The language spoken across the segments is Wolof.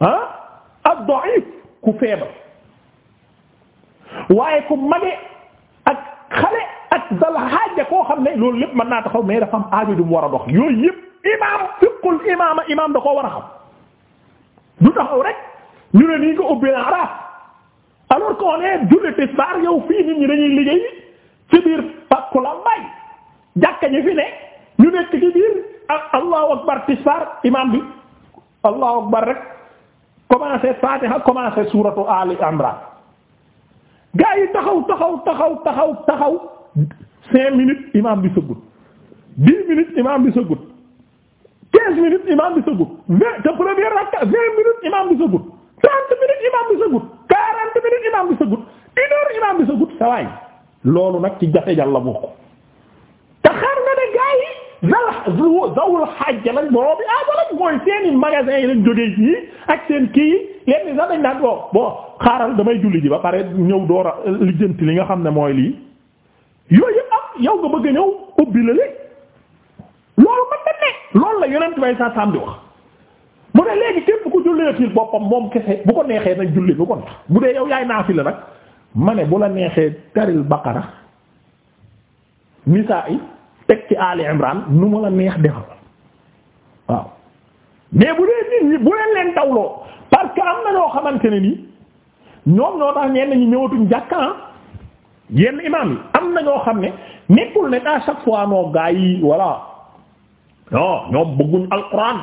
ah ad-da'if ku feebar waaye ku mage ak xale ak dal xaaja koo xam ne loolu lépp mën naa taxaw mais dafa am aajo du mu war a dox yooyu yëpp imaam fiqul imaam da koo war a xam du taxaw rek ñu ne nii nga ubbi na araaf alors qu'on est julli tisbaar yow fii nit ñi dañuy liggéey ci biir pakku la mbay jàkka ñi fi ne ñu nekk ci allahu akbar tisbaar imaam bi allahu akbar rek commencé Fatiha commencé suratu Ali Imran yi taxaw taxaw taxaw taxaw taxaw cinq minutes imam bi sëggut dix minutes imam bi sëggut quinze minutes imam bi sëggut te première rakka vingt minutes imam bi sëggut trente minutes imam bi sëggut quarante minutes imam bi sëggut une heure bi sëggut sawaay loolu nag ci jafe-jafe la bokk zawul xajja lañ borom bi ah wala mooy seeni magasin yi lañ jógee fii ak seen kii yenn sax dañ daan bo bon xaaral damay julli ji ba pare ñëw door a lijjanti li nga xam ne mooy lii yooyu yëpp am yow nga bëgg a ñëw ubbi la léegi loolu man da ne loolu la yonent bay sa sam di wax mu ne léegi képp ku julleetil boppam moom kese bu ko neexee nag julli bu ko ndax bu dee yow yaay naafi la nag ma ne bu la neexee taril baqara nisaa yi teg ci Ali Imran nu ma la neex defal waaw mais bu dee nit ñi bu leen leen dawloo parce que am na ñoo xamante ne ni ñoom ñoo tax ñenn ñi ñëwatuñ jàkkaan ah. yenn imaam yi am na ñoo xam ne nekkul ne à chaque fois noo gaa yi voilà non ñoom bëgguñ alquran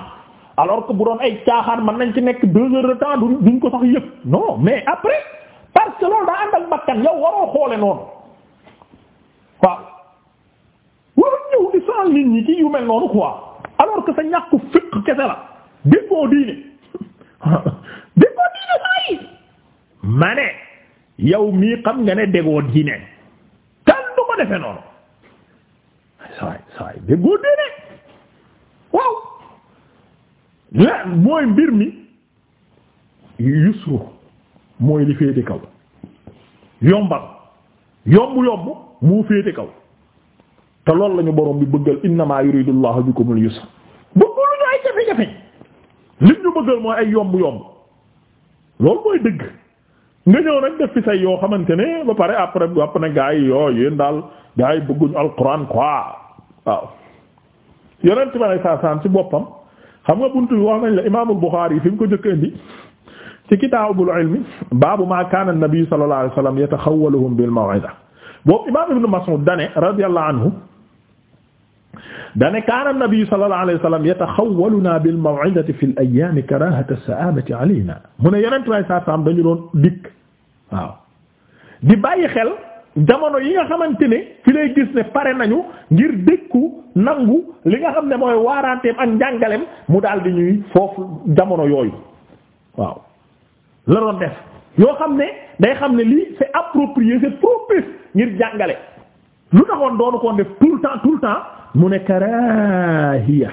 alors que bu doon ay caaxaan mën nañ ci nekk deux heures de temps duñ ko sax yëg non mais après parce que loolu daa ànd ak bakkan yow waroo xoole noonu waaw. sonal nit ñi ci yu mel noonu quoi alors que sa ñàkku fiq kese la déggoo diine déggoo diine saa yi yow mii xam nga ne déggoo diine tan du ko defe noonu saay saay déggoo diine waaw mooy mbir mi yusru mooy li féete kaw yombal yomb yomb moo féete kaw te loolu la ñu borom bi bëggal innamaa yuridu llahu bikumul yusra bëggul ñu ay jafe-jafe li ñu bëggal mooy ay yomb-yomb loolu mooy dëgg nga ñëw nag def fi say yoo xamante ne ba pare après wàpp na gaa yi yoo yéen daal gaa yi bëgguñ alquran quoi waaw yonent bi alei saa boppam xam nga buntu bi wax nañ la imaamul Buxaari yi fi ko jëkk indi ci kitaabul ilmi baabu maa kaana an-nabi sallallahu alayhi wa sallam yataxawwaluhum bil maw'ida boobu imaam ibnu Mas'ud dane dane kaana nabi sallallahu alayhi wa sallam yataxawwaluna bil maw'idati fil ayyaami karaahata as-sa'aabati alayna mu ne yeneen tubaab saa saam dañu doon dikk waaw di bàyyi xel jamono yi nga xamante ne fi lay gis ne pare nañu ngir dëkku nangu li nga xam ne mooy waaranteem ak njàngaleem mu daal di ñuy foofu jamono yooyu waaw la doon def yoo xam ne day xam ne lii c'est approprié c'est propice ngir jàngale lu taxoon doonu koon def tout le temps tout le temps. mu ne karaahiya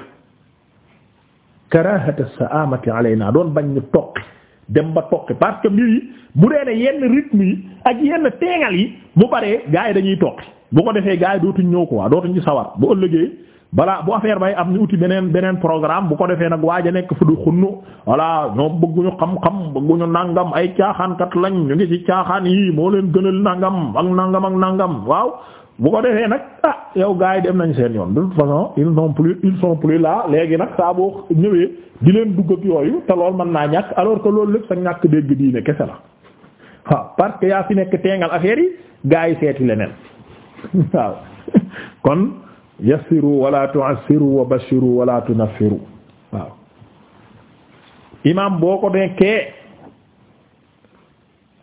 karaahata saamati naa doon bañ ñu toqi dem ba toqi parce que mbir bu dee ne yenn rythme yi ak yenn teengal yi bu baree gars yi dañuy toqi bu ko defee gars yi dootuñ ñëw ko waa dootuñ ci sawar bu ëllëgee balaa bu afeer bay am nu uti beneen beneen programme bu ko defee nag waaja nekk fu du xunnu voilà ñoom bëgguñu xam-xam bëgguñu nangam ay caaxaankat lañ ñu ngi ci caaxaan yi moo leen gënal nangam ak nangam ak nangam waaw bu ko defee nag ah yow gars yi dem nañ seen yoon de toute façon ils n'ont plus ils sont plus là léegi nag saa boo ñëwee di leen dugg ak yooyu te lool mën naa ñàkk alors que loolu lépp sa ñàkk dégg diine kese la waaw parce que yaa fi nekk teengal affaire yi gars yi seeti leneen waaw kon yassiru wala tu'assiru wa bashiru wala tunaffiru waaw imam boo ko nekkee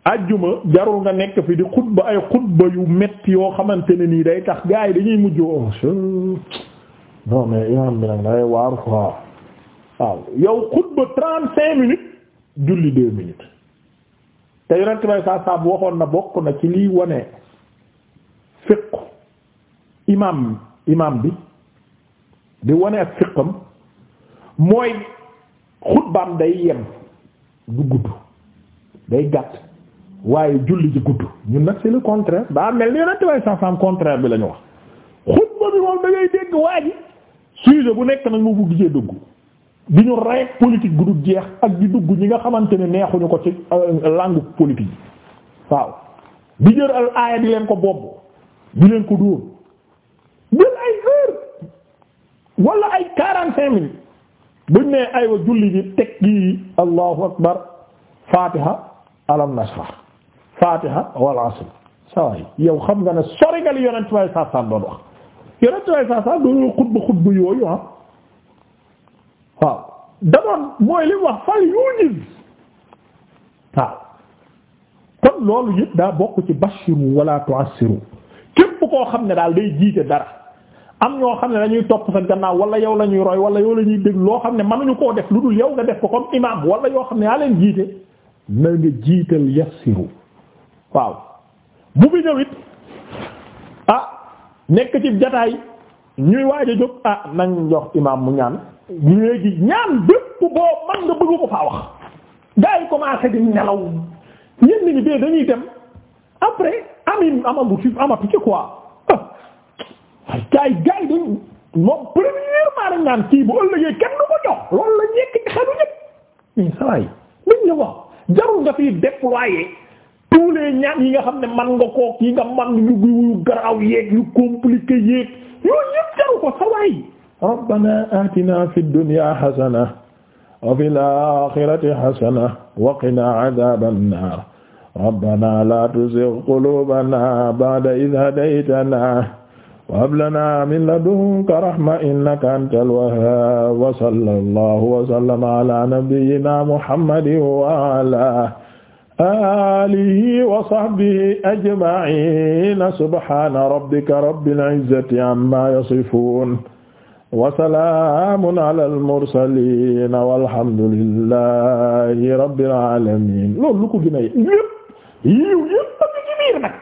ajjuma jarul nga nekk fi di xutba ay xutba yu metti yoo xamante ne nii day tax gaa yi dañuy mujj oo oh, non mais imam bi nag yow xutba trente minutes julli deux minutes te yonent bay saa saab waxoon na bokk na ci liy wane fiqu imam imam bi di wane ak fiqam mooy xutbaam day yem du gudd day gàtt waaye julli ji gudd ñun nag c'est le contraire daa mel ni yonent way sasam contraire bi la ñu wax xutba bi moom da ngay dégg waa ji sujet bu nekk nag mu bugg cee dugg di ñu rek politique gu jeex ak di dugg ñi nga xamante ne neexuñu ko ci euh, langue politique yi waaw di jër al aaya di leen ko bobb di leen ko dóor jël ay heure wala ay quarante cinq minutes buñ ne aywa julli bi teg gi allahu akbar fatiha alam nasrah fatiha wal asr saway yow xam nga ne sori nga li yonent way sa san doon wax xutba xutba yooyu ah waaw da doon mooy li wax fal yujiz waaw kon loolu yëpp daa bokk ci bashiru wala tu'assiru képp koo xam ne daal day jiite dara am ñoo xam ne dañuy topp sa gannaaw wala yow la ñuy roy wala yow la ñuy dégg loo xam ne mënuñu koo def lu dul yow nga def ko comme imam wala yoo xam ne yaa leen jiite na nga jiital yassiru waaw bu fi ñëwit ah nekk ci jataay ñuy waaj a jóg ah nañ jox imaam mu ñaan léegi ñaan bépp boo man nga bëggu ko faa wax gaa yi commencé di dañuy dem après amin amatu ci amatu ci moom premièrement dañ naan kii bu ëllëgee kenn du ko jox loolu la ñekk ci xelu ñépp mais saa yi luñ wax jarul nga fi déployer wulee ñaan yi nga xam ne man nga kook yi nga man yu yu garaaw yeeg yu compliqué yeeg yooyu yëpp jaru ko sa waay rabbana atina fi dunya hasana wa fil akhirati hasana wa qina adhaban nar rabbana la tuzigh qulubana ba'da idh hadaytana wa hab lana min ladunka rahma innaka antal wahhab wa sallallahu wa sallama ala nabiyyina muhammadin wa ala alihi wa sahbihi ajma'ina subhana rabbika rabbil izzati amma yasifun wa salaamun alal mursaliin walhamdulillahi rabbil aalamiin loolu lu ko gën a yépp yiw yépp a ngi ci biir nag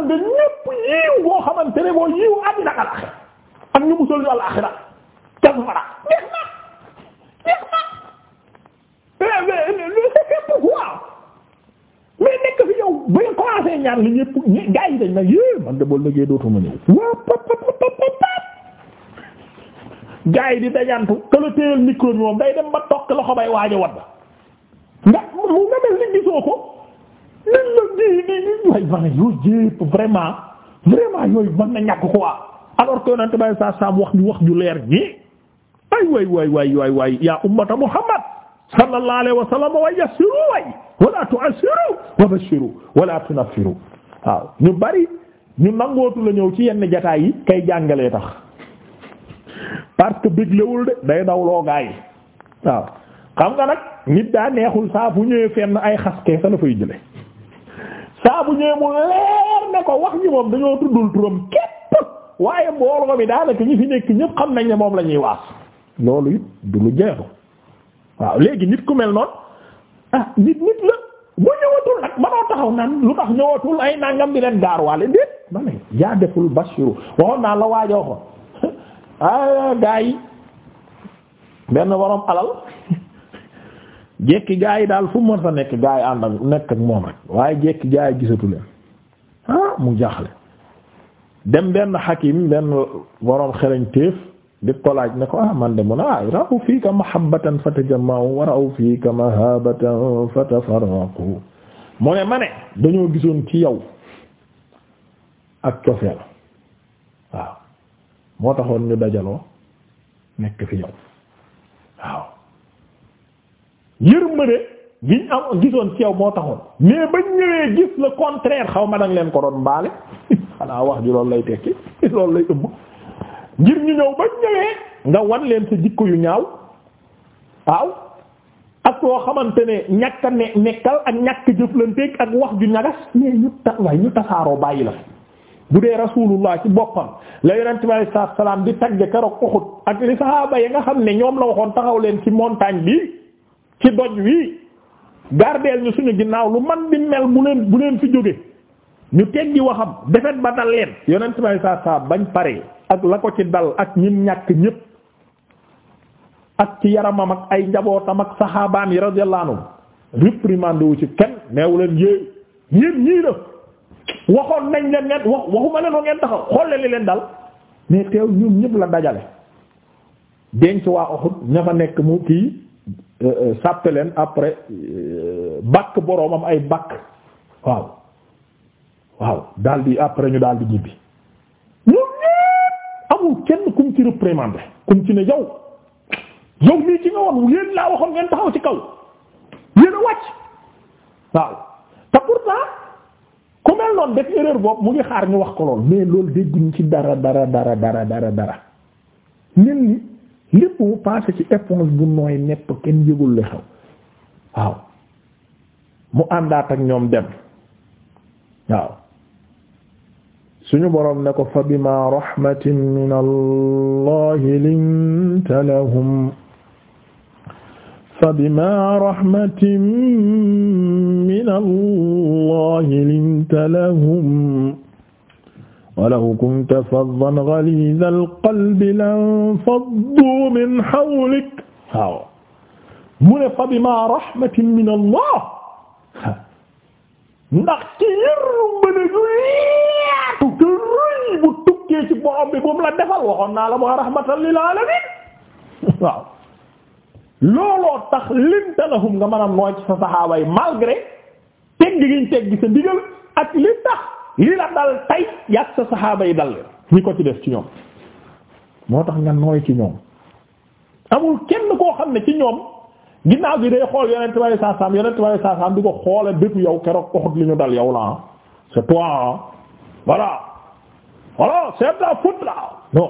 man de lépp boo xamante ne boo yiiw àddina ak ak ñu musal ñu alaaxira jeex na jeex na waaw mais nekk fi yow ba nga commencé ñaar li ñépp gaa yi di dajantu te la téyal micro moom day dem ba toog loxo bay waaja wadd nga nga mel ni gisoo ko liñ la nii nii nii waaye man yooyu yëpp vraiment vraiment yooyu mën na ñàkk quoi alors que yonent bay saa saam wax ñu wax ju leer ñii ay waay waay waay waay waay yaa ummata muhammad sallallahu alayhi wa sallam wa yassiru waay wala tu'assiru wa bashiru waaw ñu bari ñu nangootu la ñëw ci yenn jataay yi kay jàngalee tax parce que béglewul de day dawloo gaa waaw xam nga nag nit daa neexul saa bu ñëwee fenn ay xaskee sa la fay jële saa bu ñëwee mu leer ne ko wax ji moom dañoo tuddul turam képp waaye mbooloo mi daanaka ñi fi nekk ñëpp xam nañ ne moom la ñuy waas loolu it du lu jeexu waaw léegi nit ku mel noon ah nit nit la bu ñëwatul nag manoo taxaw naan lu tax ñëwatul ay nangam di leen gaaruwaale déet ma ne yaa deful bashiru waxoon naa la waajo ko ah gaa benn borom alal jekki gaa yi daal fu mu mën nekk gaa yi ànd ak nekk ak moom rek waaye jekki gaa yi gisatu leen ah mu jaaxle dem benn xakim benn boroom xereñ téef di ko ne ko ah man de mun ah raw fiika mahabbatan fatajamma'u wa raw mu ne ma ne dañoo gisoon ci yow ak cofeel waaw moo taxoon ñu dajaloo nekk fi yow waaw yërmande giñ am gisoon ci yow moo taxoon mais bañ ñëwee gis le contraire xaw ma danga leen ko doon mbaale xanaa wax ji loolu lay tekki loolu lay ëmb ngir ñu ñëw bañ ñëwee nga wan leen sa jikko yu ñaaw waaw ak loo xamante ne ñàkk a nekkal ak ñàkk jëflanteeg ak wax ju ñagas mais ñu ñu tasaaroo bàyyi la bu dee rasulullah ci boppam la yonent bi alayhi salaam di tagge keroog Uhud ak li sahaaba yi nga xam ne ñoom la waxoon taxaw leen ci montagne bi ci doj wi gardeel ñu suñu ginnaaw lu man di mel bu leen bu leen fi jóge ñu teggi waxam defet ba dal leen yonent may saa saa bañ pare ak la ko ci dal ak ñim ñàkk ñépp ak ci yaramam ak ay njabootam ak saxaabaam yi radiyallahu anhum wu ci kenn neewu leen yéey yéen ñii la waxoon nañ leen ngeen wax waxuma leen wa ngeen taxaw xolle li leen dal mais teew ñoom ñépp la dajale denc waa Uhud ña fa nekk mu kii Euh, euh, sàppe leen après euh, bakk boroomam ay bakk waaw waaw daldi après ñu di ñibbi ñoom ñépp amul kenn kum ci réprimander kum ci ne yow yow nii ci nga woon yéen laa waxoon ngeen taxaw ci kaw yéen a wàcc waaw te pourtant ku mel noonu def erreur boobu mu ngi xaar ñu wax ko lool mais loolu dégguñ ci dara dara dara dara dara dara lépp bu passé ci éponge bu nooy nepp kenn yëgul li xew mu àndaat ak ñoom dem waaw suñu boroom ne ko fa bima rahmatin min min allahi linta lahum walaw kunta faddan ghalizal qalbi lanfaddu min hawlik waaw mu ne fa bima rahmatin min Allah ndax ci yërmande ju yaatu te rëy bu mu la defal waxoon naa la mooy rahmatan lil alamin waaw looloo tax linta lahum nga mën a nooy sa saxaaba yi malgré tegg giñ tegg sa digal ak li li la dal tay yàgg sa saxaaba yi dal ñi ko ci def ci ñoom moo tax nga nooy ci ñoom amul kenn koo xam ne ci ñoom ginnaaw gi day xool yonent bi saa saam yonent bi saa saam di ko xoole bépp yow keroog Uhud li ñu dal yow la c'est toi voilà voilà c'est ta faute là non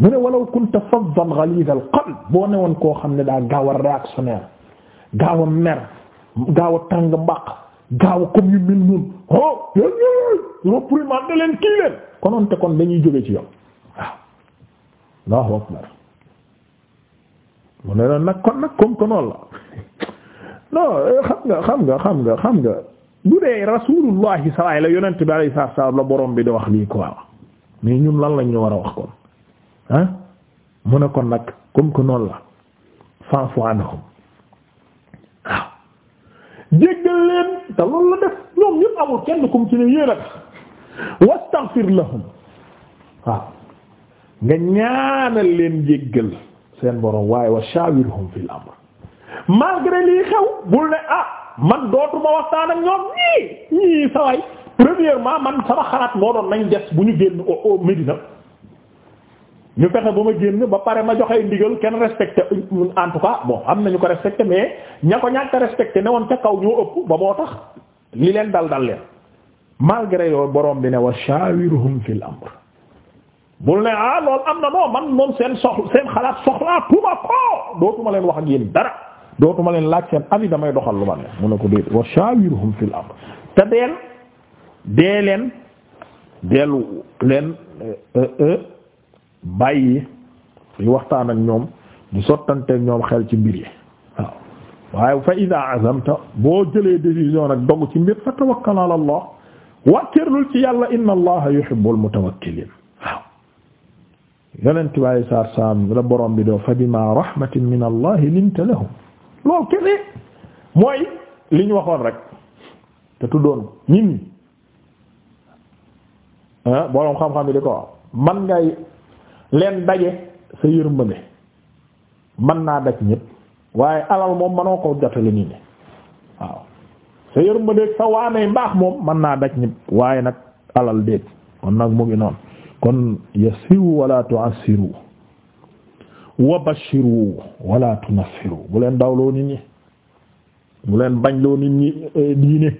mu ne walaw kunta faddan ghaliz al qalb boo newoon koo xam ne daa gaaw a réactionnaire gaaw mer gaaw a tàng mbaq gaaw comme yu mel noonu oh yooyu leen kii leen konoon te kon dañuy jóge ci yow waaw Allahu akbar mu ne la nag kon nag comme que noonu la non xam nga xam nga xam nga xam nga bu dee rasulullah sallallahu la yonent bi alayhi salaam la borom bi di wax lii quoi mais ñun lan lañ ñu war a wax kon mu ne kon nag comme que noonu la fa'fu anhum jéggal leen te loolu la def ñoom ñëpp amul kenn kum ci ne yéen a tax wastaghfir lahum waaw nga ñaanal seen borom waaye wa shawirhum fil amr malgré lii xew bul ne ah man dootuma waxtaan ak ñoom ñii ñii saway premièrement man sama xalaat moo doon nañ des bu ñu génn Medina ñu fexe ba ma génn ba pare ma joxe ndigal kenn respecté en tout cas bon am na ñu ko respecté mais ña ko ñàkk a respecté ne woon ca kaw ñoo ëpp ba moo tax li leen dal dal leen malgré yooyu boroom bi ne wa shawiruhum fil amr bul ne ah loolu am na non man moom seen soxla seen xalaat soxlaa tuuma ko dootuma leen wax ak yéen dara dootuma leen laaj seen avis damay doxal lu ma ne mu ne ko déet wa shawiruhum fil amr te deel dee leen deelu leen euh, euh, bàyyi di waxtaan ak ñoom di sottanteeg ñoom xel ci mbir yi waaw fa ida azamta boo jëlee décision nag dogg ci mbir fa tawakkal ala allah wàkkirlul ci yàlla inna allaha yuhibbul mutawakkilin waaw yonent bàyyi saar saam borom bi doo fa bima rahmatin min allah linta lahum loolu kene mooy li ñu waxoon rek te tuddoon ñin ah, borom xam-xam yi di ko man ngay leen daje sa yërmande mën naa daj ñépp waaye alal moom manoo ko jotale nit ñi waaw sa yërmande sa waanee mbaax moom mën naa daj ñépp waaye nag alal déet kon nag mu ngi noon kon yasiru wala tu'assiru wa bashiru wala tunaffiru bu leen dawloo nit ñi bu leen bañloo nit ñi e, diine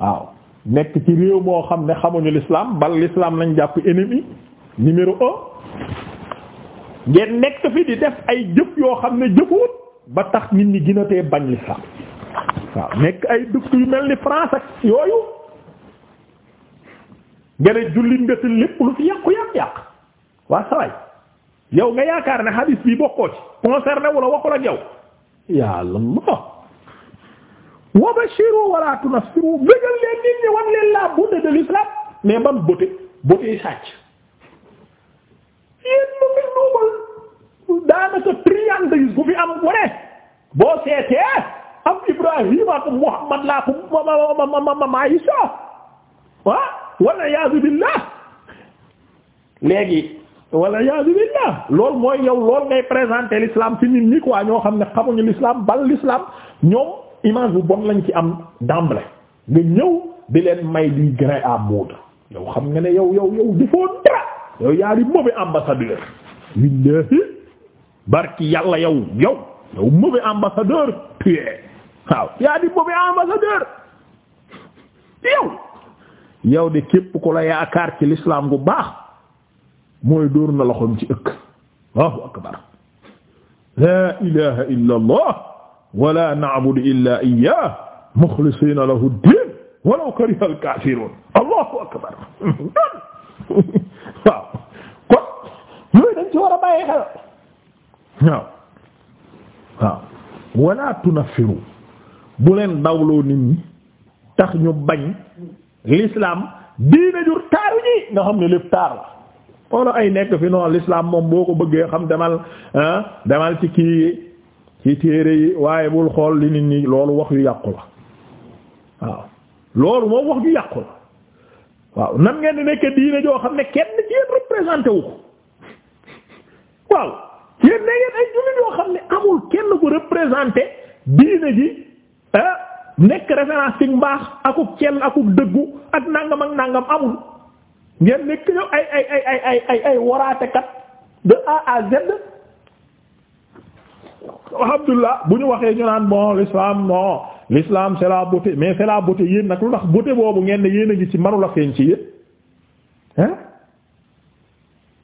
waaw nekk ci réew moo xam ne xamuñu lislaam bal l'islam lañ jàpp ennemi numéro un ngeen nekk fi di def ay jëf yoo xam ne jëfuwut ba tax nit ñi gën a tee bañ l'islam waaw nekk ay dëkk yu mel ni France ak yooyu nga ne jullit nga te lépp lu fi yàqu yàq yàq waa saway yow nga yaakaar ne hadis bi bokkoo ci concerné wala waxul ak yow yàlla wa bashiru wala tunaffiru bëggal leen nit ñi wan leen la beauté de l'islam mais ban beauté beauté sàcc yéen mu ngi duubal daanaka triandes bu fi am mu ne boo seetee am Ibrahima ak Muhammad laa ko ma ma ma ma ma Aysa ah wala yaazu billah léegi wala yaazu billah loolu mooy yow loolu ngay présenter l'islam ci nit ñi quoi ñoo xam ne xamuñu l'islam bal l'islam ñoom image bu bon lañ ci am d'emblée nga ñëw di leen may di grain à moudre yow xam nga ne yow yow yow dafoo dara. yow yaa di mauvais ambassadeur billahi barki yàlla yow yow yow mauvais ambassadeur tu es waaw yaa di mauvais ambassadeur yow yow de képp ku la yaakaar ci l'islam gu baax mooy dóor na loxoom ci ëkk Allahu akbar la ilaha illa allah wala na'budu illa iyyah mukhlisina lahu ddin walaw kariha al-kafirun Allahu akbar waaw kon yooyu dañ ci war a bàyyi xel waaw waaw wala tunaffiru bu leen dawloo nit ñi tax ñu bañ l'islam diine jur taaru ji nga xam ne lépp taar la wala ay nekk fi noonu l'islam moom boo ko bëggee xam demal demal ci kii ci téere yi waaye bul xool li nit ñi loolu wax yu yàqu la waaw loolu moom wax yu yàqu la waaw nan ngeen di nekk diine joo xam ne kenn ci yéen wu ko waaw yéen ne ngeen ay jullit yoo xam ne amul kenn ku représenté diine ji ah nekk référence ci mbaax akuk kenn akuk dëggu ak nangam ak nangam amul ngeen nekk ñoom ay ay ay ay ay waraatekat de A à Z. alhamdulilah bu ñu waxee ñu naan bon l'islam non. l'islam c'est la mais c'est la yéen nag lu tax beauté boobu ngeen ne yéen a ngi ci manula feeñ ci yéen hein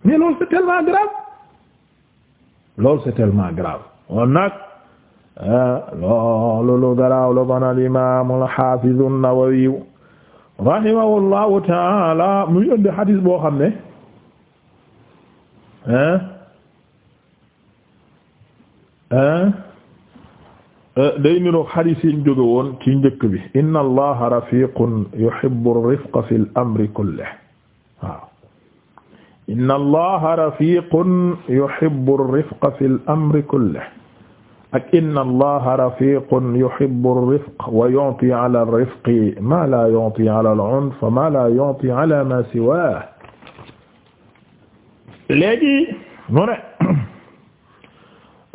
mais loolu c'est tellement grave loolu c'est tellement grave on nag loolu lu garaaw la kon al imam al hafiz an-Nawawi rahimahullahu muy indi hadith boo xam ne hein hein Euh, day niroo xadiis yi ñu jóge woon ci njëkk bi inna allaha rafiqun yuhibbu ar-rifqa fil amri kullihi waaw inna allaha rafiqun yuhibbu ar-rifqa fil amri kullihi ak inna allaha rafiqun yuhibbu ar-rifqa wa yu'ti 'ala ar-rifqi ma la yu'ti 'ala al-'unf wa ma la yu'ti 'ala ma siwahu léegi mu ne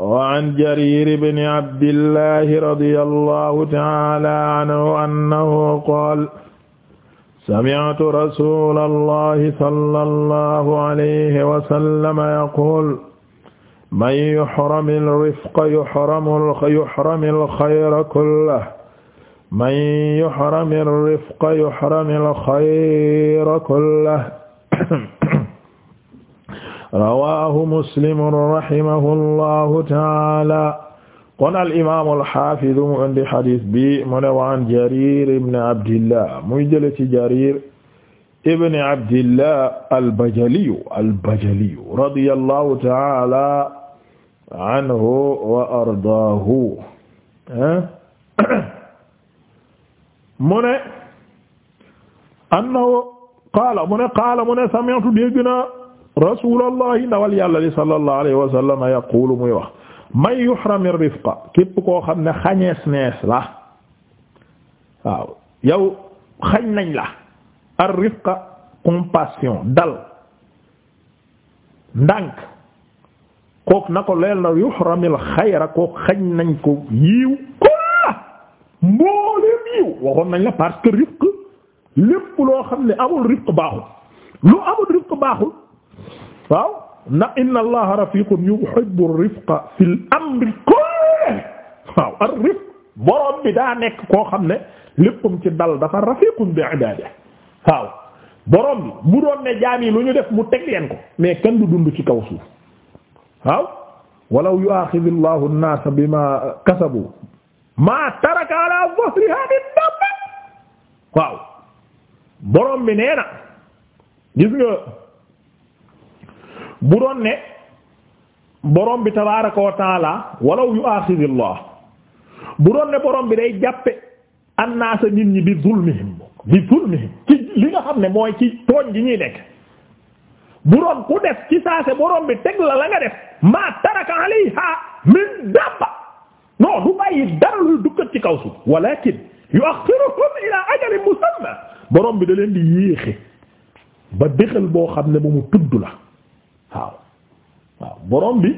wa an jarir ibn abdillah radiyallahu ta'ala anhu annahu qaala sami'tu rasulallahi sallallahu alayhi wa sallam yaqul man yuhrami al-rifqa yuhrami al-khayra kullahu man yuhrami al-rifqa yuhrami al-khayra kullahu rawaahu muslimun rahimahullahu taala kon al imaamu alxaafidu mu indi xadis bi mu ne waan jarir ibn abdillah muy jële ci jarir ibn abdillah albajaliyu albajaliyu radiyallahu taala anhu wa ardaahu mu ne annahu qaala mu ne qaala mu ne sami'tu dégg naa rasulallahi ndawal yàlla li sallallahu alayhi wa sallam yaqulu muy wax may yuhrami rifqa képp koo xam ne xañees nees la waaw yow xañ nañ la ar rifqa compassion dal ndànk kook na ko leel na yuhramil xayra kook xañ nañ ko yiiw ko mbooleem yiw waxoon nañ la parce que rifq lépp loo xam ne amul rifq baaxul waaw na inna allaha rafiqun yuhibbu rifqa fil amri kulli waaw ar rifq borom bi daa nekk koo xam ne léppam ci dal dafa rafiqun bi ibaadihi waaw borom bi bu doon ne jaam yi lu ñu def mu teg leen ko mais kenn du dund ci kaw suuf waaw walaw yu'aaxidu allahu an-naasa bimaa kasabu maa taraka ala dhahrihaa min daabba waaw borom bi nee na gis nga bu doon ne borom bi tabaaraka wa taala walaw yu aaxidillah bu doon ne borom bi day jàppe annaasa nit ñi bi zulmihim bi zulmihim ci li nga xam ne mooy ci tooñ gi ñuy nekk bu doon ku def ci saase borom bi teg la la nga def maa taraka alayha min dabba non du bàyyi dara lu dukkat ci kaw suuf walakin yu'axiruhum ilaa ajalin musamma borom bi da leen di yéexe ba déxal boo xam ne ba mu tudd la waaw waaw borom bi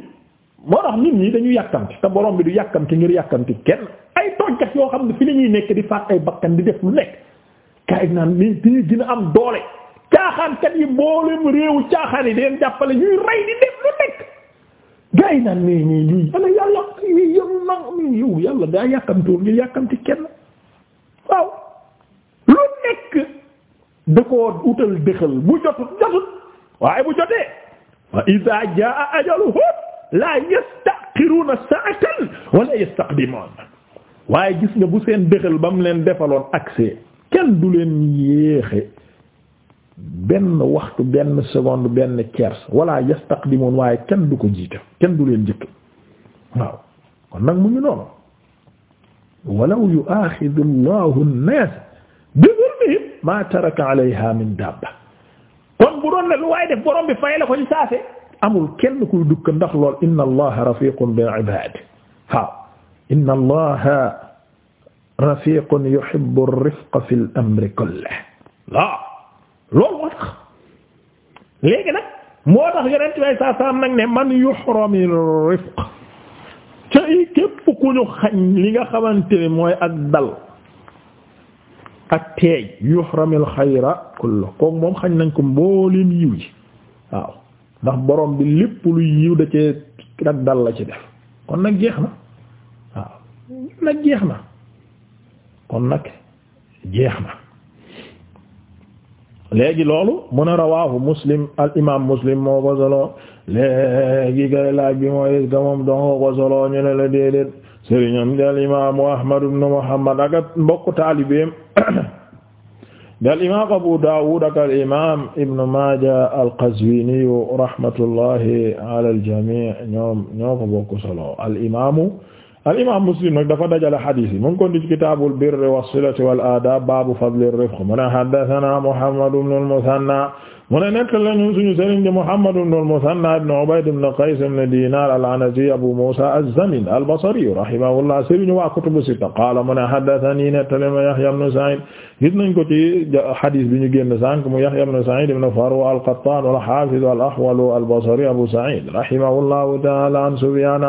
moo tax nit ñi dañu yàkkamti te borom bi du yàkkamti ngir yàkkamti kenn ay tojkat yoo xam ne fi lañuy nekk di faat ay bakkan di def lu nekk kaay naan ni di am doole caaxaankat yi mboolem réewu caaxaan yi yi naan nee nii lii ala yàlla yi yow nag yow yàlla yàkkamtiwul ngir yàkkamti kenn waaw lu nekk da koo utal dëxal bu jotut jotut waaye bu jotee wa idha jaa ajaluhum la yasta'khiruna sa'atan wa la yastaqdimun waaye gis nga bu seen dëxal ba mu leen defaloon accès kenn du leen yéexe benn waxtu benn seconde benn tiers wala yastaqdimun waaye kenn du ko jiite kenn du leen jëkk waaw kon nag mu ngi noonu walaw yu'akhidhu Allahu an-nas bi dhulmihim ma taraka alayha min dabba bu lu waaye def borom bi fay la ko ci amul kenn kuy dukk ndax lool inna allaha rafiqun bil ibad waaw inna allaha rafiqun yuhibbu ar-rifqa fil amri kullihi waaw loolu moo tax léegi nag moo tax yonent way saa saam nag ne man yuhrami rifq ca képp ku ñu xañ li nga xamante ne mooy ak dal ak teey yuhramil xayra kullu kooku moom xañ nañ ko mbooleem yiw yi waaw ndax borom bi lépp lu yiw da cee ak dal la ci def kon nag jeex na waaw nag na kon nag jeex na léegi loolu mu ne rawaahu muslim al imaam muslim moo ko solo léegi gay laaj bi mooy est-ce que moom donga ko solo ñu ne la déedéet sëriñam di al imaamu ahmad ibnu muhammad ak mbokk taalibeem di al imaam abu daawud ak al imaam ibnu maaja al qazwini rahmatullahi ala al jamii ñoom ñoo ko bokk solo al imaamu al imaam muslim nag dafa dajale xadiis yi mu ngi ko di kitaabul birri was silati wal aadaab baabu fadli rifq mu ne haddasanaa muhammad ibnu al musanna mu ne nekk lañu suñu sëriñ di Muhammad ibn al-Musanna ibn Ubayd ibn Qays ibn Dinar al-Anazi Abu Musa az-Zamin al-Basri rahimahullah sëriñ waa kutubu sitta qaala mu ne haddathani nettali ma Yahya ibn Sa'id gis nañ ko ci hadith bi ñu génn sànq mu Yahya ibn Sa'id ibn Farwa al-Qattan al-Hafiz al-Ahwal al-Basri Abu Sa'id rahimahullahu ta'ala an Sufyan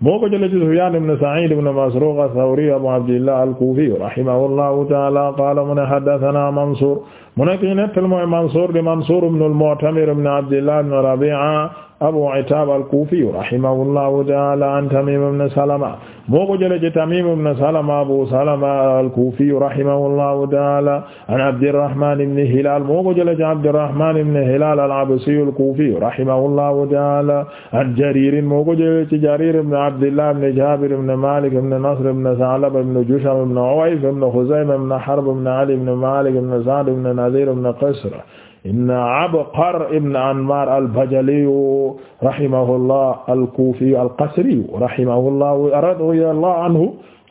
moo ko jëlee ci Sufyaan ibn Sa'iid ibn Masruuq ath-Thawri Abu Abdillah al-Kuufi rahimahullahu ta'aala qaala mu ne haddathanaa Mansuur mu nekk ñu nettal mooy Mansuur di Mansuur ibn al-Mu'tamir ibn Abdillah ibn Rabi'a Abu Attaab al-Kuufi rahimahullahu ta'aala an Tamiim ibn Salama moo ko jëlee ci Tamiim ibn Salama Abu Salama al-Kuufi rahimahullahu ta'aala an Abdirrahmaan ibn Hilaal moo ko jëlee ci Abdirrahmaan ibn Hilaal al-Absi al-Kuufi rahimahullahu ta'aala an Jariir moo ko jëlee ci Jariir ibn Abdillah ibn Jaabir ibn Maalik ibn Nasr ibn Sa'laba ibn Jusham ibn Uwayf ibn Xuzayma ibn Harb ibn Ali ibn Maalik ibn Sa'd ibn Nadir ibn Qasr ibn Abqar ibn Anmar al-Bajali rahimahullah al-Kufi al-Qasri rahimahullah radiyallahu anhu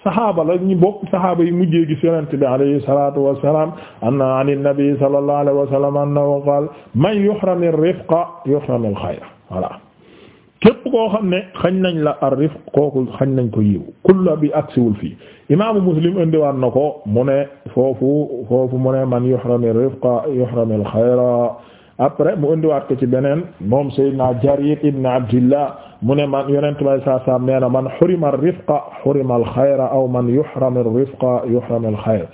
saxaaba la ñu bokk saxaaba yi mujjee gis Yonent bi alayhi salaatu wa salaam anna an nabi sallallahu alayhi wa sallam annahu qaala man yuhram ar-rifqa yuhram al-khayr voilà képp koo xam ne xañ nañ la ar-rifq kooku xañ nañ ko yiw kulla bi aksiwul fii imaamu muslim indiwaat na ko mu ne foofu foofu mu ne man yuhrami rifqa yuhrami alxayra après mu indiwaat ko ci beneen moom sayyidina jarir ibn abdillah mu ne man yonent bay saa saam nee na man hurima rifqa hurima alxayra aw man yuhrami rifqa yuhrami alxayra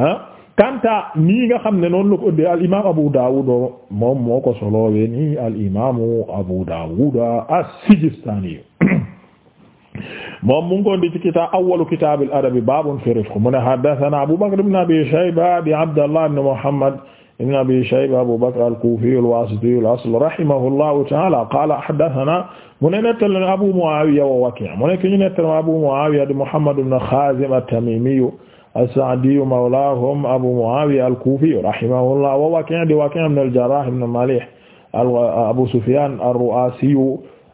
ah kanta nii nga xam ne noonu la ko al imam abu dawud moom moo ko nii al imamu abu dawud as-sijistani moom mu ngi koy indi ci kitaab awwalu kitaabil adabi baabun fii rifq mu ne haddasanaa Abu Bakr ibn Abi Shayba di Abdallah ibn Muhammad ibn Abi Shayba Abu Bakr al-Kufi al-Wasiti al-asl rahimahullahu ta'ala qaala haddasanaa mu ne nettali na Abu Muawiya wa Waki' mu ne ki ñu nettali Abu Muawiya di Muhammad ibn Khazim at-Tamimi as-Sa'di mawlaahum Abu Muawiya al-Kufi rahimahullah wa Waki' di Waki' ibn al-Jarrah ibn Malih Abu Sufyan ar-Ru'asi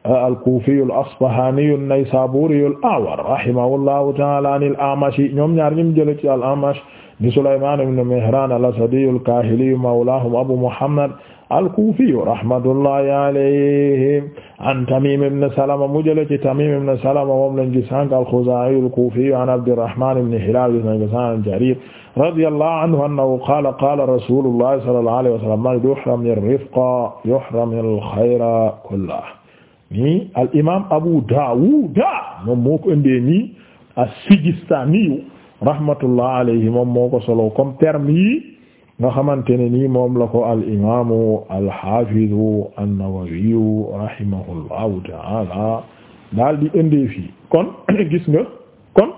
al-Kufi al-Asbahani an-Naysaburi al-A'war rahimahullahu ta'ala an al-A'mash ñoom ñaar ñim jële ci al-A'mash di Sulayman ibn Mihran al-Asadi al-Kahili mawlahum Abu Muhammad al-Kufi rahmatullahi alayhi an Tamim ibn Salama mu jële ci Tamim ibn Salama moom lañ gi sànq al-Khuzai al-Kufi an Abdurrahman ibn Hilal an Jarir radiyallahu anhu annahu qala qala rasulullah sallallahu alayhi wa sallam man yuhram ar-rifqa yuhram al-khayra kullahu nii al imaam Abu Daawuda moom moo ko indee nii as-Sijistaani rahmatullah alayhi moom moo ko solo comme terme yi nga xamante ne nii moom la ko al imaamu al haafizu an-Nawawi rahimahullahu ta'ala daal di indee fii kon nga kon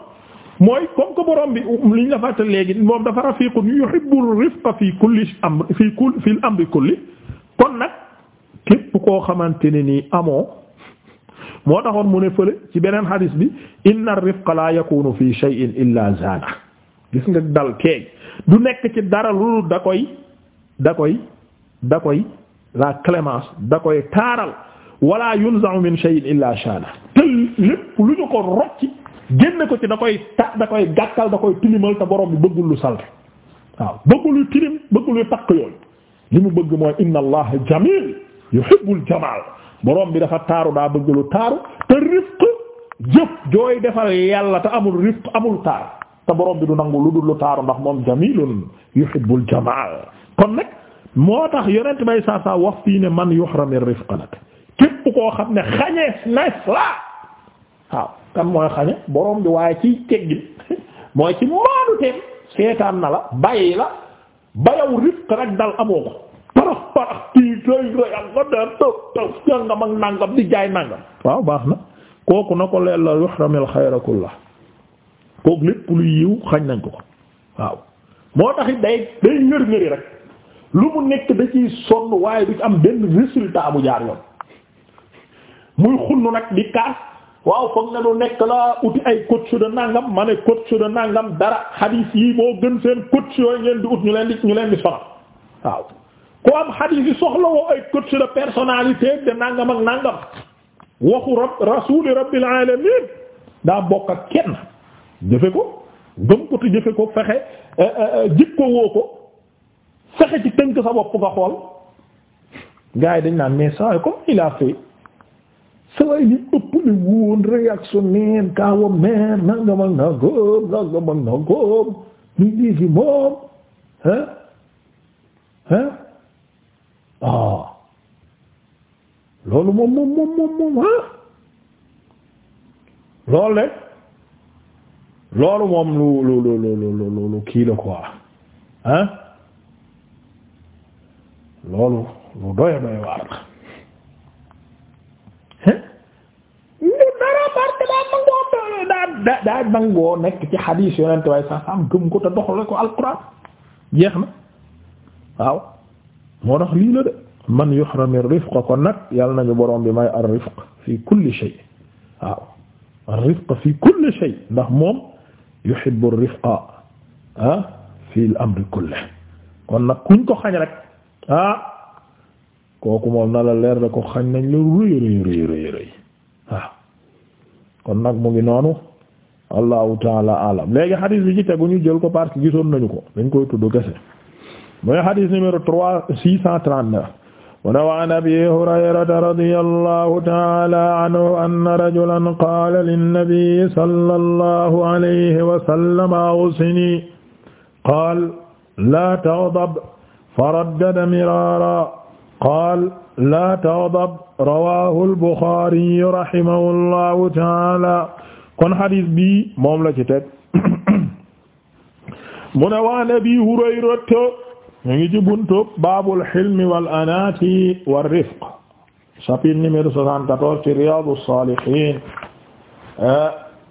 mooy comme que borom bi liñ la fàttali léegi moom dafa rafiqun yuhibbul rifqa fi kulli amr fi kulli fi amri kulli kon nag képp koo xamante ne nii amoo. moo taxoon mu ne fële ci beneen hadis bi inna rifqa la yakunu fi shay'in illa zana gis nga dal keeg du nekk ci dara lu da koy da da koy la clémence da koy taaral wala yunza'u min shay'in illa shana te lépp lu ko rocci génn ko ci da koy ta da koy gàkkal da koy tilimal te lu salte waaw lu tilim bëggul lu takk li mu bëgg mooy inna allaha jamil yuhibbul jamal borom bi dafa taaru daa bëgg lu taaru te rifq jëf jooy defal yàlla te amul rifq amul taar te borom bi du nangu lu dul lu taaru ndax moom jamilun yuhibbul jamaal kon nag moo tax yonent bay saa saa wax fii ne man yuhram rifq nag képp koo xam ne xañees na laa waaw kan mooy xañe borom bi waaye ci teggin mooy ci maanu teem seetaan na la bàyyi la bayaw rifq nag dal amoo ko parax parax kii koy royal nga dee tëb tëb ak nangam di jaay nangam waaw baax na kooku na ko leen la yuhramil xayra kullah kooku lépp lu yiw xañ nañ ko ko waaw moo taxit day day ngër ngëri rek lu mu nekk da ciy sonn waaye du ci am benn résultat bu jaar yoon muy xunnu nag di kaas waaw foog na lu nekk la uti ay coach de nangam ma ne coach de nangam dara xadiis yi moo gën seen coach yooyu ngeen di ut ñu leen di ñu leen di sonal waaw ku am xadiis yi soxla woo ay coach de personnalité de nangam ak nangam waxu rab rasuuli rabbil alamin daa bokk kenn jëfe ko gëm ko te jëfe ko fexe eh, eh, jikko woo ko fexe ci tënk sa bopp nga xool gars yi dañ naan mais ça comme il a fait saway li ëpp li woon réactionnaire kaawa mère nangam ak nangam nangam ak nangam ñu moom hein hein waaw ah. loolu moom moom moom moom moom ah. loolu de loolu moom lu lu lu lu lu lu kii la quoi ah loolu lu doy doy waar la ñu dara parte daa nangoo daa daa nangoo nekk ci xadiis yonent waaye sax am gëm ko te doxale ko alxuraan jeex na waaw moo tax lii la de man yuhram ar-rifqa kon nag yàlla nañu boroom bi may ar-rifq fi kulli shay waaw ar-rifq fi kulli shay ndax moom yuhibbu ar-rifqa ah fi al-amri kon nag ko xañ rek ah kooku moom na leer da ko xañ nañ lu nag mu ngi noonu allahu taala alam léegi xadiis bi ci tegu ñu jël ko parce que gisoon nañu ko dañ koy tudd kese mooy hadis numéro trois six cent trente-neuf mu ne wa an abi hurayrata radiyallahu ta'ala anhu anna rajulan qaala linnabiyi sallallahu alayhi wa sallam awsini qaala laa taghdab faraddada miraara qaala laa taghdab rawaahu al-Buxaari rahimahullahu ta'ala kon hadis bi moom la ci teg mu ne wa an abi hurayrata ñu ngi ci buntu baabul hilmi wal anaati war rifq chapitre numéro 74 ci Riyadus Salihin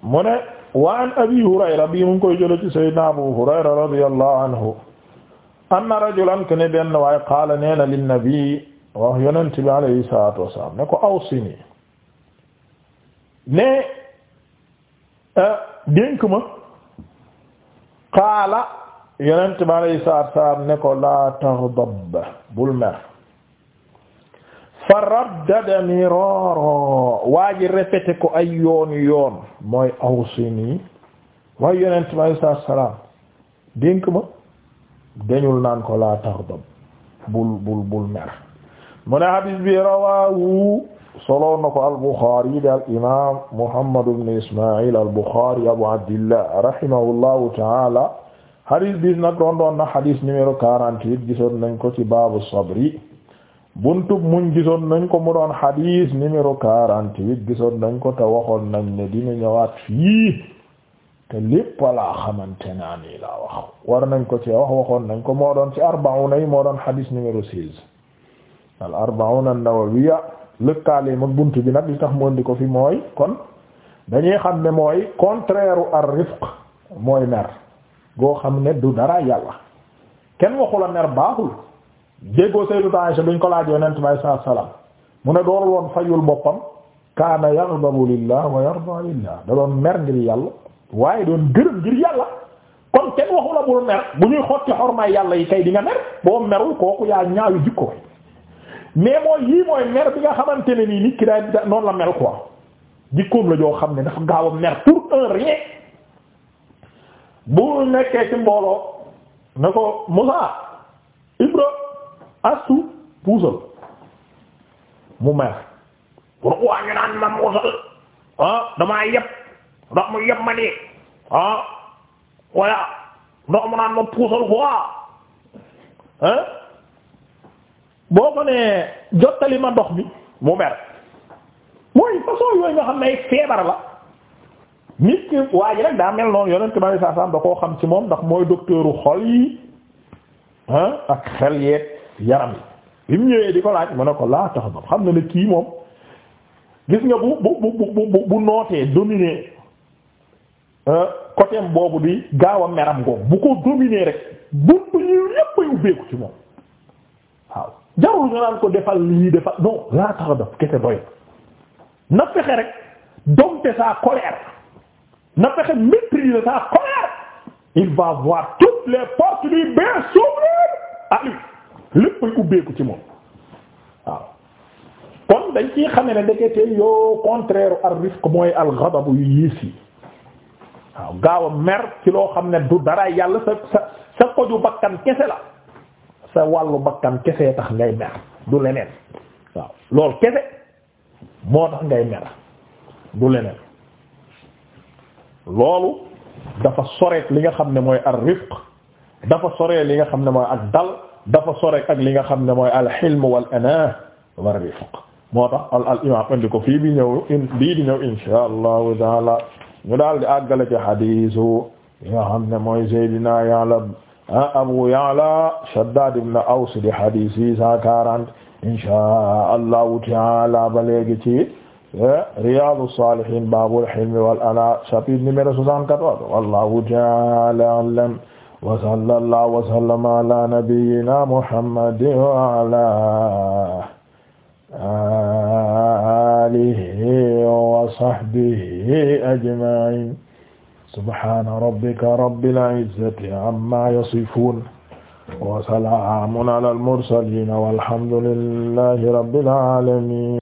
mu ne wa an Abi Hurayra bi mu ngi koy jële ci Sayyidina Abu Hurayra radiyallahu anhu anna rajulan kaana benn waay qaala neena linnabi wax yonent bi alayhi salaatu wassalaam ne ko awsini ne eh, dénk ma qaala yonent bi alayhi salaatu salaam ne ko laa taghdab bul mer fa raddada miraara waa ji répété ko ay yoon yoon mooy awsini waaye yonent bi alayhi salaam dénk ma dañul naan ko laa taghdab bul bul bul mu ne hadis bi rawaahu soloo na ko al-Bukhari de al imaam Muhammad ibn Ismaa'il al-Bukhari Abu Abdillah rahimahullahu ta'ala hadis bis nag doon doon na hadis numéro 48 gisoon nañ ko ci baabu sabri buntub muñ gisoon nañ ko mu doon hadis numéro 48 gisoon nañ ko te waxoon nañ ne dina ñëwaat fii te lépp wala xamante naa nii laa wax war nañ ko ci wax waxoon nañ ko moo doon ci arbauna yi moo doon hadis numéro 16 al arbauna an-nawawiyya lëkkaale mag bunt bi nag li tax mu di ko fi mooy kon dañuy xam ne mooy contraire u ar mooy mer goo xam ne du dara yàlla kenn waxu la mer baaxul jéggoo Sayyidatu Aisha buñ ko laaj yonent bi sallallahu alayhi wasallam mu ne doon woon fayul boppam kaana yaghdabu lillah wa yarda lillah da doon mer ngir yàlla waaye doon gërëm ngir yàlla kon kenn waxu la bul mer bu ñuy xotti xormaay yàlla yi kay di nga mer boo merul kooku yaa ñaawi jikko mais mooy yii mooy mer bi nga xamante ne nii nit ki daay noonu la mel quoi jikkoom la joo xam ne dafa gaaw a mer pour un rien bu nekkee ci mbooloo ne Musa Ibra astu puusal mu mer pour waa ñu ma muusal ah damaa yëpp ndax mu yëpp ma nii ah ma puusal quoi ah boo ko nee jottali ma ndox mi mu mer mooy façon yooyu nga xam feebar la. nit ki waa ji daa mel noonu yonent bi saa saam da koo xam ci moom ndax mooy docteuru xol yi ak xel yeeg yaram yi bi mu ñëwee di ko laaj mu ko laa xam na ne kii moom gis nga bu bu bu euh, boobu di gaaw a meram googu bu ko dominer rek buntu laa tax ba kese doy na fexe rek dompte sa colère. na fexe maîtriser sa colère il va voir toutes les portes du bien s'ouvrir à lui lépp ubbeeku ci moom waaw kon dañ ciy xame ne ndekete yoo contraire ar rifq mooy al ghadab yu yiis yi waaw gaaw a mer ci loo xam ne du dara yàlla sa sa sa koju bakkan kese la sa wàllu bakkan kese tax ngay mer du leneen waaw loolu kese moo tax ngay mer du leneen loolu dafa soreek li nga xam ne mooy ar-rifq dafa soree li nga xam ne mooy ak dal dafa ak li nga xam ne mooy al-hilm wal anah war rifq moo tax al al imam indi ko fii bi ñëw bii di ñëw insha allahu ñu daal di àggale ci hadisu yi nga xam ne mooy Seydina Ya'la ah, Abu Ya'la Shaddad ibn Aws di hadis six cent quarante insha allahu taala ba ci Riyadou Salihine baabul hilmi wal ala chapitre numéro 74 wallahu ta'ala a'lam wa sallallahu wa sallama ala nabiyyina Muhammadin wa ala alihi wa sahbihi ajma'in subhana rabbika rabbil izzati amma yasifun wa salamun ala al mursalin walhamdulillahi rabbil alamin